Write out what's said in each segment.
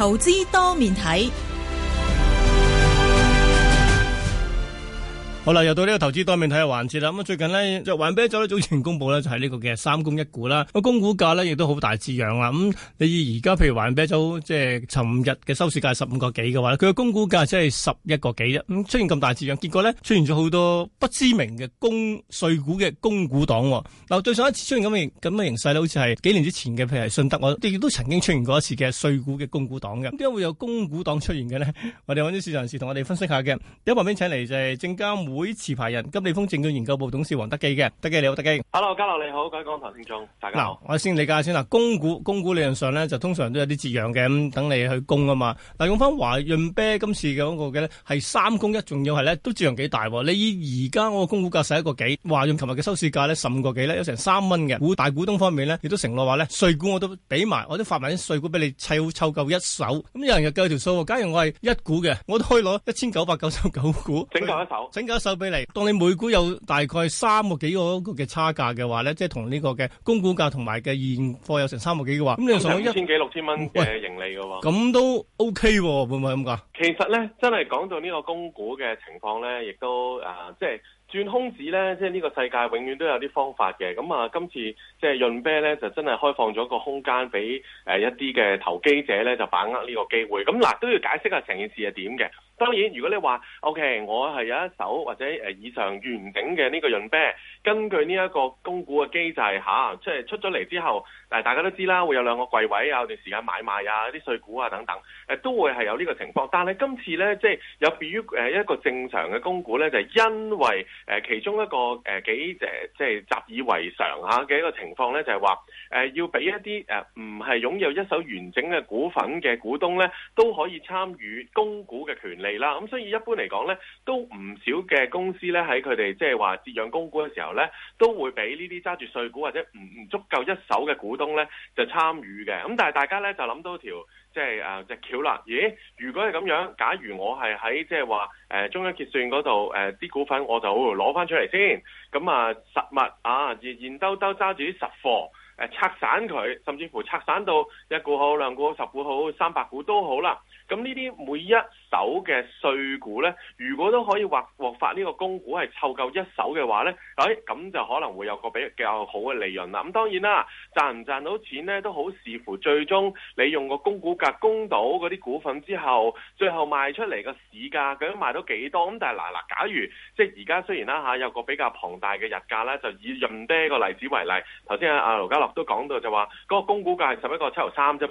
投資多面睇。好啦，又到呢個投資多面睇嘅環節啦。咁啊，最近呢，就華潤啤酒呢，早前公布呢，就係呢個嘅三供一股啦。咁供股價呢亦都好大折讓啦。咁、嗯、你而家譬如華潤啤酒即係尋日嘅收市價十五個幾嘅話，佢嘅供股價只係十一個幾啫。咁、嗯、出現咁大折讓，結果呢，出現咗好多不知名嘅供碎股嘅供股黨。嗱、哦，對上一次出現咁嘅咁嘅形勢呢，好似係幾年之前嘅，譬如係信德我我哋亦都曾經出現過一次嘅碎股嘅供股黨嘅。咁點解會有供股黨出現嘅呢？我哋揾啲市場人士同我哋分析下嘅。有一旁邊請嚟就係證監會持牌人金利豐證券研究部董事黃德幾嘅，德幾你好德，德幾。Hello，家樂你好，各位港台聽眾，大家好。嗱，我先理解下先啦。供股供股理論上咧，就通常都有啲折讓嘅，咁等你去供啊嘛。但用翻華潤啤今次嘅嗰個嘅咧，係三供一，仲要係咧都折讓幾大。你以而家我個供股價十一個幾，華潤琴日嘅收市價咧十五個幾咧，有成三蚊嘅。股大股東方面咧，亦都承諾話咧，碎股我都俾埋，我都發埋啲碎股俾你，湊湊夠一手。咁有人又計條數，假如我係一股嘅，我都可以攞一千九百九十九股，整夠一手，整收俾你，當你每股有大概三個幾個嘅差價嘅話咧，即係同呢個嘅供股價同埋嘅現貨有成三個幾嘅話，咁你想一千幾六千蚊嘅盈利嘅喎，咁、哎、都 OK 喎、啊，會唔會咁講？其實咧，真係講到呢個供股嘅情況咧，亦都誒、啊，即係轉空子咧，即係呢個世界永遠都有啲方法嘅。咁啊，今次即係潤啤咧，就真係開放咗個空間俾誒、呃、一啲嘅投機者咧，就把握呢個機會。咁嗱、啊，都要解釋一下成件事係點嘅。當然，如果你話 OK，我係有一手或者以上完整嘅呢個潤啤，根據呢一個供股嘅機制嚇、啊，即係出咗嚟之後、啊，大家都知啦，會有兩個櫃位啊，有段時間買賣啊，啲碎股啊等等，啊、都會係有呢個情況。但係今次咧，即係有別於一個正常嘅供股咧，就係、是、因為其中一個誒、啊、幾誒即係習以為常嚇嘅一個情況咧，就係、是、話、啊、要俾一啲誒唔係擁有一手完整嘅股份嘅股東咧，都可以參與供股嘅權利。啦，咁所以一般嚟講咧，都唔少嘅公司咧喺佢哋即係話折讓供股嘅時候咧，都會俾呢啲揸住碎股或者唔唔足夠一手嘅股東咧就參與嘅。咁但係大家咧就諗到一條即係誒隻橋啦。咦？如果係咁樣，假如我係喺即係話誒中央結算嗰度誒啲股份，我就攞翻出嚟先。咁啊實物啊，現現兜兜揸住啲實貨。拆散佢，甚至乎拆散到一股好、兩股十股好、三百股都好啦。咁呢啲每一手嘅碎股呢，如果都可以獲獲發呢個供股係湊夠一手嘅話呢，咁、哎、就可能會有個比較好嘅利潤啦。咁當然啦，賺唔賺到錢呢都好視乎最終你用個供股價供到嗰啲股份之後，最後賣出嚟個市價究竟賣到幾多？咁但係嗱嗱，假如即係而家雖然啦、啊、嚇有個比較龐大嘅日價呢，就以潤啤個例子為例，頭先阿阿盧嘉都講到就話嗰個供股價係十一個七毫三啫。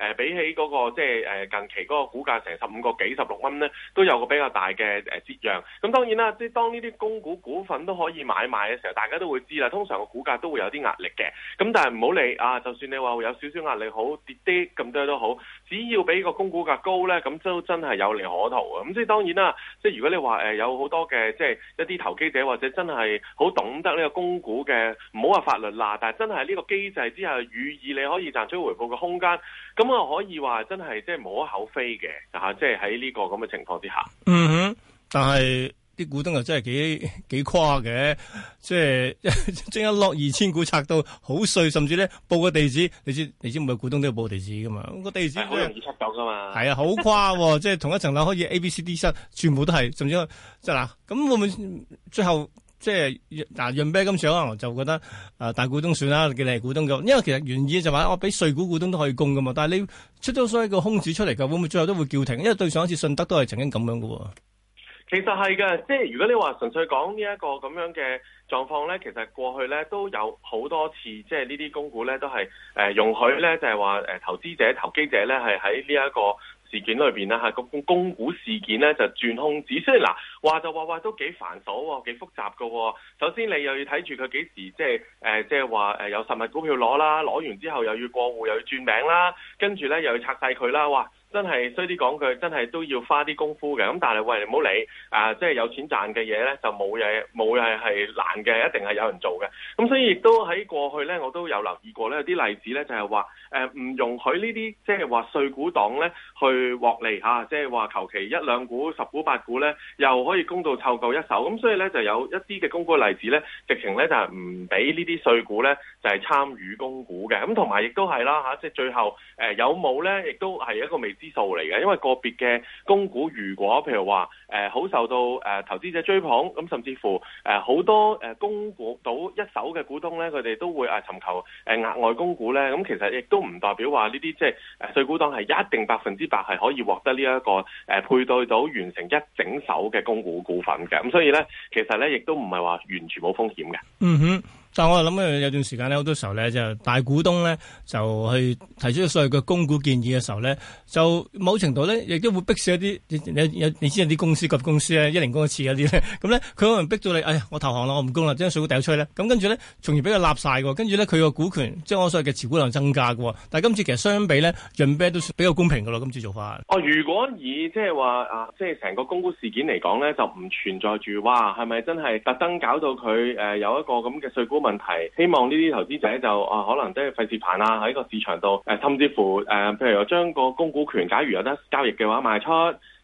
誒比起嗰個即係誒近期嗰個股價成十五個幾十六蚊咧，都有個比較大嘅誒折讓。咁當然啦，即係當呢啲供股股份都可以買賣嘅時候，大家都會知啦。通常個股價都會有啲壓力嘅。咁但係唔好理啊，就算你話會有少少壓力好，跌啲咁多都好，只要比個供股價高咧，咁都真係有利可圖啊。咁即係當然啦，即係如果你話誒有好多嘅即係一啲投機者或者真係好懂得呢個供股嘅，唔好話法律啦，但係真係呢個機制之下，予以你可以賺取回報嘅空間咁。可以話真係即係冇可厚非嘅吓，即係喺呢個咁嘅情況之下。嗯哼，但係啲股東又真係幾幾誇嘅，即係即一落二千股拆到好碎，甚至咧報個地址，你知你知唔係股東都要報地址噶，哎，嘛，個地址好容易拆到噶嘛。係啊，好誇，即係同一層樓可以 A B C D 室全部都係，甚至啊，即係嗱，咁會唔會最後？即係嗱，潤啤今次可能就覺得大股東算啦，你係股東咁。因為其實原意就話我俾碎股股東都可以供噶嘛。但係你出咗所謂個空子出嚟㗎，會唔會最後都會叫停？因為對上一次信德都係曾經咁樣噶喎。其實係嘅，即係如果你話純粹講呢一個咁樣嘅狀況咧，其實過去咧都有好多次，即係呢啲供股咧都係誒容許咧，就係話投資者、投機者咧係喺呢一個事件裏邊咧嚇，個股供股事件咧就轉空子。雖然嗱話就話話都幾繁瑣喎、哦，幾複雜噶、哦。首先你又要睇住佢幾時即係誒，即係話誒有實物股票攞啦，攞完之後又要過戶，又要轉名啦，跟住咧又要拆曬佢啦，哇！真係衰啲講句，真係都要花啲功夫嘅。咁但係喂，唔好理。誒，即係有錢賺嘅嘢咧，就冇嘢，冇嘢係難嘅，一定係有人做嘅。咁所以亦都喺過去咧，我都有留意過咧，有啲例子咧，就係話誒唔容許、就是、呢啲即係話碎股黨咧去獲利嚇，即係話求其一兩股、十股八股咧，又可以供到湊夠一手。咁所以咧，就有一啲嘅供股例子咧，直情咧就係唔俾呢啲碎股咧就係、是、參與供股嘅。咁同埋亦都係啦，即係最後、呃、有冇咧，亦都係一個未。指數嚟嘅，因為個別嘅供股如果，譬如話誒好受到誒、呃、投資者追捧，咁、嗯、甚至乎誒好、呃、多誒供、呃、股到一手嘅股東咧，佢哋都會啊、呃、尋求誒、呃、額外供股咧，咁、嗯、其實亦都唔代表話呢啲即係誒供股黨係一定百分之百係可以獲得呢、這、一個誒、呃、配對到完成一整手嘅供股股份嘅，咁、嗯、所以咧其實咧亦都唔係話完全冇風險嘅。嗯哼。但我又諗有段時間呢好多時候呢，就大股東呢，就去提出所謂嘅供股建議嘅時候呢，就某程度呢亦都會逼一啲你知有啲公司及公司呢，一零供一次嗰啲呢。咁呢，佢可能逼到你，哎呀我投降啦，我唔供啦，將碎股掉出呢，咁跟住呢，從而俾佢立晒喎，跟住呢，佢個股權即係我所謂嘅持股量增加喎，但係今次其實相比呢，潤啤都比較公平㗎咯，今次做法。哦，如果以即係話啊，即係成個供股事件嚟講呢，就唔存在住哇，係咪真係特登搞到佢誒、呃、有一個咁嘅碎股？問題希望呢啲投資者就、啊、可能即係費事煩啦喺個市場度誒、啊，甚至乎誒、啊，譬如我將個供股權假如有得交易嘅話賣出，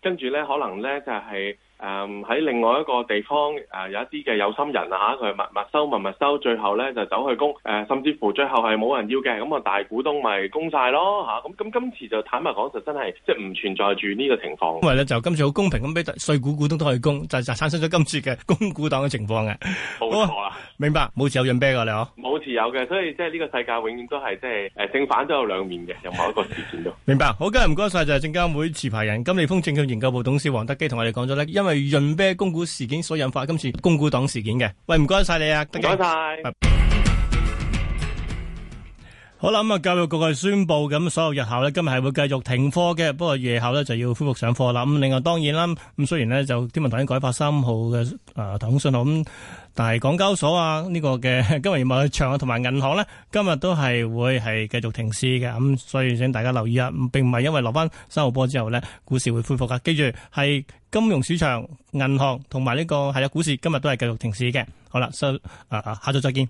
跟住咧可能咧就係誒喺另外一個地方誒、啊、有一啲嘅有心人啊，佢密密收密密收，最後咧就走去供誒、啊，甚至乎最後係冇人要嘅，咁啊大股東咪供晒咯，吓，咁咁今次就坦白講就真係即係唔存在住呢個情況，因為咧就今次好公平咁俾碎股股東都可以供，就就產生咗今次嘅供股黨嘅情況嘅，冇錯、好、啊，錯。明白，冇持有潤啤噶你嗬，冇持有嘅，所以即係呢個世界永遠都係即係誒正反都有兩面嘅，由某一個事件度。 明白，好嘅，唔該晒，就係證監會持牌人金利豐證券研究部董事黃德幾同我哋講咗咧，因為潤啤供股事件所引發今次供股黨事件嘅，喂，唔該晒你啊，唔該晒。基好啦，咁啊，教育局係宣布咁，所有日校呢今日係會繼續停課嘅，不過夜校呢就要恢復上課啦。咁，另外當然啦，咁雖然呢就天文台已經改發三號嘅誒颱風訊號，咁但係港交所啊呢、這個嘅今日冇長啊，同埋銀行呢今日都係會係繼續停市嘅。咁所以請大家留意啊，並唔係因為落翻三號波之後呢股市會恢復噶。記住係金融市場、銀行同埋呢個係啊股市今日都係繼續停市嘅。好啦，收誒誒，下晝再見。